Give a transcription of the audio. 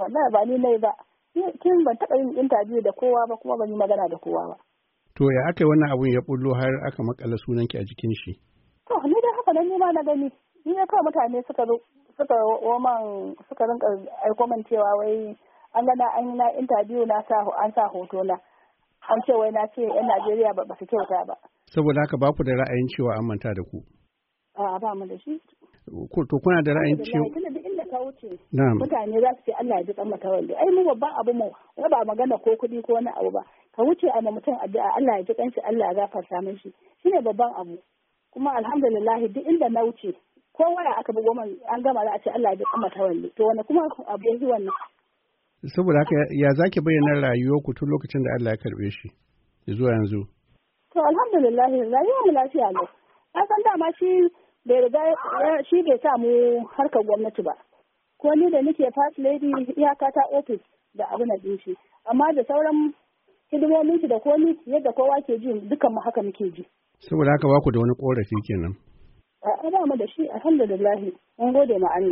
wallahi ba ni nai ba kin ban taba yin interview da kowa ba kuma ban yi magana da kowa ba to ya aka yi wannan abun ya bullo har aka makala sunanki a jikin shi to ni da haka nan ma na gani ni ne kawai mutane suka zo suka woman suka rinka aiko min cewa wai an gana an yi na interview na sa an sa hoto na an ce wai na ce yan Najeriya ba su kyauta ba saboda haka ba ku da ra'ayin cewa an manta da ku a ba mu da shi ko to kuna da ra'ayin cewa ce mutane za su ce Allah ya ji kan maka ai mu babban abu mu wai ba magana ko kuɗi ko wani abu ba ka wuce a mutum addu'a Allah ya ji kan shi Allah ya gafarta min shi shine babban abu kuma alhamdulillah duk inda na wuce ko waya aka bugo man an gama za a ce Allah ya ji kan maka to wani kuma abu yanzu wannan saboda haka ya zaki bayyana rayuwar ku tun lokacin da Allah ya karbe shi zuwa yanzu to alhamdulillah rayuwar mu lafiya lau na san dama shi bai riga shi bai sa mu harkar gwamnati ba ko ni da nake first lady iyaka ta office da abin da shi amma da sauran hidimomin shi da komi yadda kowa ke ji dukan mu haka muke ji saboda haka ba ku da wani korafi kenan a'a ba mu da shi alhamdulillah mun gode ma Allah